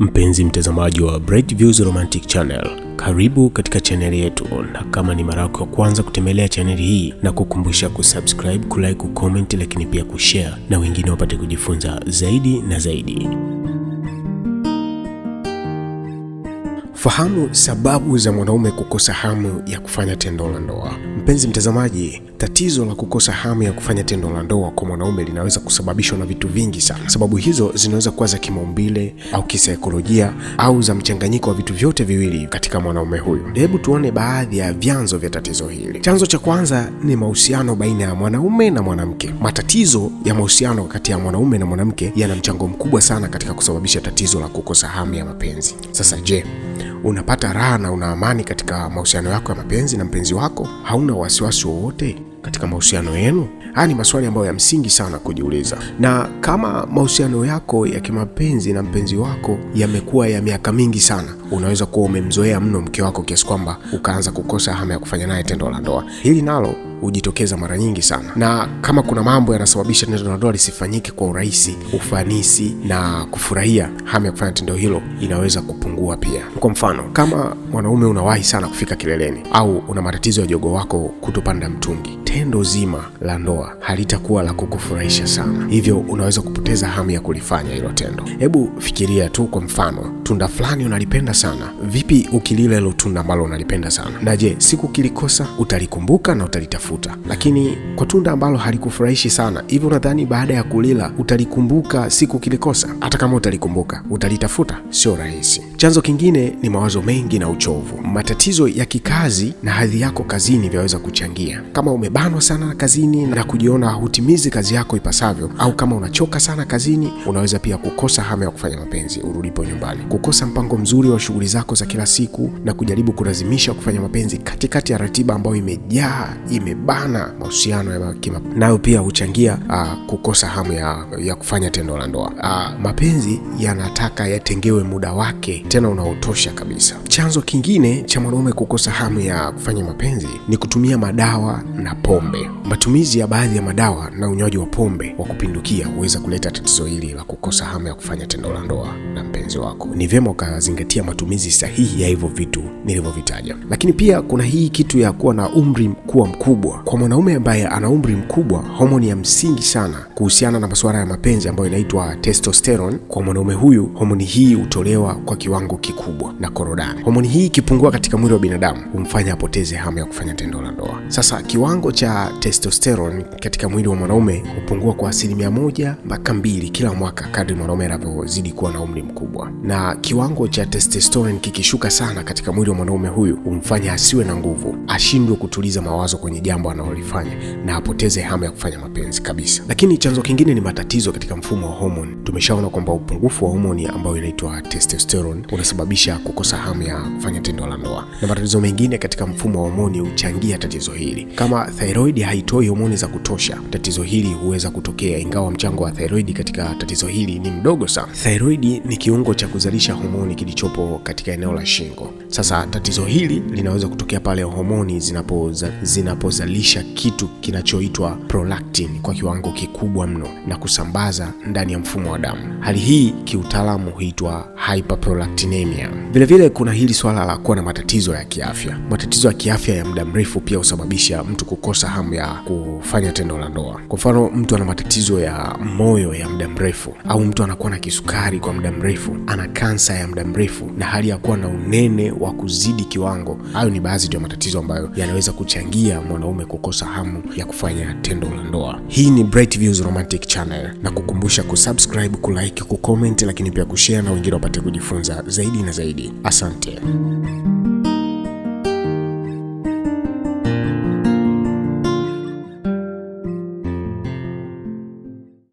Mpenzi mtazamaji wa Bright Views Romantic Channel, karibu katika chaneli yetu, na kama ni mara yako ya kwanza kutembelea chaneli hii, na kukumbusha kusubscribe, kulike, kucomment, lakini pia kushare na wengine wapate kujifunza zaidi na zaidi. Fahamu sababu za mwanaume kukosa hamu ya kufanya tendo la ndoa. Mpenzi mtazamaji, tatizo la kukosa hamu ya kufanya tendo la ndoa kwa mwanaume linaweza kusababishwa na vitu vingi sana. Sababu hizo zinaweza kuwa za kimaumbile au kisaikolojia au za mchanganyiko wa vitu vyote viwili katika mwanaume huyu. Hebu tuone baadhi ya vyanzo vya tatizo hili. Chanzo cha kwanza ni mahusiano baina ya mwanaume na mwanamke. Matatizo ya mahusiano kati ya mwanaume na mwanamke yana mchango mkubwa sana katika kusababisha tatizo la kukosa hamu ya mapenzi. Sasa je, unapata raha na una amani katika mahusiano yako ya mapenzi na mpenzi wako? Hauna wasiwasi wowote katika mahusiano yenu? Haya ni maswali ambayo ya msingi sana kujiuliza. Na kama mahusiano yako ya kimapenzi na mpenzi wako yamekuwa ya miaka mingi sana, unaweza kuwa umemzoea mno mke wako kiasi kwamba ukaanza kukosa hamu ya kufanya naye tendo la ndoa. Hili nalo hujitokeza mara nyingi sana, na kama kuna mambo yanasababisha tendo la ndoa lisifanyike kwa urahisi, ufanisi na kufurahia hamu ya kufanya tendo hilo inaweza kupungua pia. Kwa mfano, kama mwanaume unawahi sana kufika kileleni au una matatizo ya jogoo wako kutopanda mtungi, tendo zima la ndoa halitakuwa la kukufurahisha sana, hivyo unaweza kupoteza hamu ya kulifanya hilo tendo. Hebu fikiria tu, kwa mfano, tunda fulani unalipenda sana, vipi ukilila hilo tunda ambalo unalipenda sana? Na je, siku kilikosa utalikumbuka na utalitafuta kutafuta, lakini kwa tunda ambalo halikufurahishi sana hivyo, unadhani baada ya kulila utalikumbuka siku kilikosa? Hata kama utalikumbuka, utalitafuta sio rahisi. Chanzo kingine ni mawazo mengi na uchovu. Matatizo ya kikazi na hadhi yako kazini vyaweza kuchangia. Kama umebanwa sana kazini na kujiona hutimizi kazi yako ipasavyo, au kama unachoka sana kazini, unaweza pia kukosa hamu ya kufanya mapenzi urudipo nyumbani, kukosa mpango mzuri wa shughuli zako za kila siku na kujaribu kulazimisha kufanya mapenzi katikati ya ratiba ambayo imejaa ime imebana mahusiano ya kima, nayo pia huchangia uh, kukosa hamu ya, ya kufanya tendo la ndoa. Uh, mapenzi yanataka yatengewe muda wake tena unaotosha kabisa. Chanzo kingine cha mwanaume kukosa hamu ya kufanya mapenzi ni kutumia madawa na pombe. Matumizi ya baadhi ya madawa na unywaji wa pombe wa kupindukia huweza kuleta tatizo hili la kukosa hamu ya kufanya tendo la ndoa na mpenzi wako. Ni vyema ukazingatia matumizi sahihi ya hivyo vitu nilivyovitaja, lakini pia kuna hii kitu ya kuwa na umri kuwa mkubwa mkubwa. Kwa mwanaume ambaye ana umri mkubwa, homoni ya msingi sana kuhusiana na masuala ya mapenzi ambayo inaitwa testosterone, kwa mwanaume huyu homoni hii hutolewa kwa kiwango kikubwa na korodani. Homoni hii ikipungua katika mwili wa binadamu humfanya apoteze hamu ya kufanya tendo la ndoa. Sasa kiwango cha testosterone katika mwili wa mwanaume hupungua kwa asilimia moja mpaka mbili kila mwaka kadri mwanaume anavyozidi kuwa na umri mkubwa, na kiwango cha testosterone kikishuka sana katika mwili wa mwanaume huyu humfanya asiwe na nguvu, ashindwe kutuliza mawazo kwenye jambo jambo analolifanya na apoteze hamu ya kufanya mapenzi kabisa. Lakini chanzo kingine ni matatizo katika mfumo wa homoni. Tumeshaona kwamba upungufu wa homoni ambayo inaitwa testosterone unasababisha kukosa hamu ya kufanya tendo la ndoa, na matatizo mengine katika mfumo wa homoni huchangia tatizo hili. Kama thyroid haitoi homoni za kutosha, tatizo hili huweza kutokea, ingawa mchango wa thyroid katika tatizo hili ni mdogo sana. Thyroid ni kiungo cha kuzalisha homoni kilichopo katika eneo la shingo. Sasa tatizo hili linaweza kutokea pale homoni zinapozalishwa zinapoza kuzalisha kitu kinachoitwa prolactin kwa kiwango kikubwa mno na kusambaza ndani ya mfumo wa damu. Hali hii kiutaalamu huitwa hyperprolactinemia. Vilevile kuna hili swala la kuwa na matatizo ya kiafya. Matatizo ya kiafya ya muda mrefu pia husababisha mtu kukosa hamu ya kufanya tendo la ndoa. Kwa mfano, mtu ana matatizo ya moyo ya muda mrefu, au mtu anakuwa na kisukari kwa muda mrefu, ana kansa ya muda mrefu na hali ya kuwa na unene wa kuzidi kiwango. Hayo ni baadhi ya matatizo ambayo yanaweza kuchangia mwanaume mwanaume kukosa hamu ya kufanya tendo la ndoa. Hii ni Bright Views Romantic Channel, na kukumbusha kusubscribe, kulike, kucomment, lakini pia kushare na wengine wapate kujifunza zaidi na zaidi. Asante.